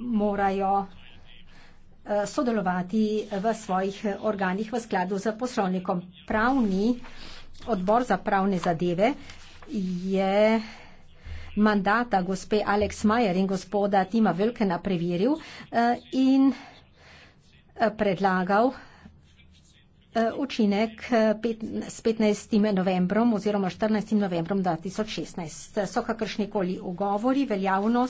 morajo eh, sodelovati v svojih organih v skladu z poslovnikom. Pravni odbor za pravne zadeve je mandata gospe Alex Majer in gospoda Tima Vilkena preveril eh, in eh, predlagal učinek s 15. novembrom oziroma 14. novembrom 2016. So kakršnikoli ugovori veljavnost?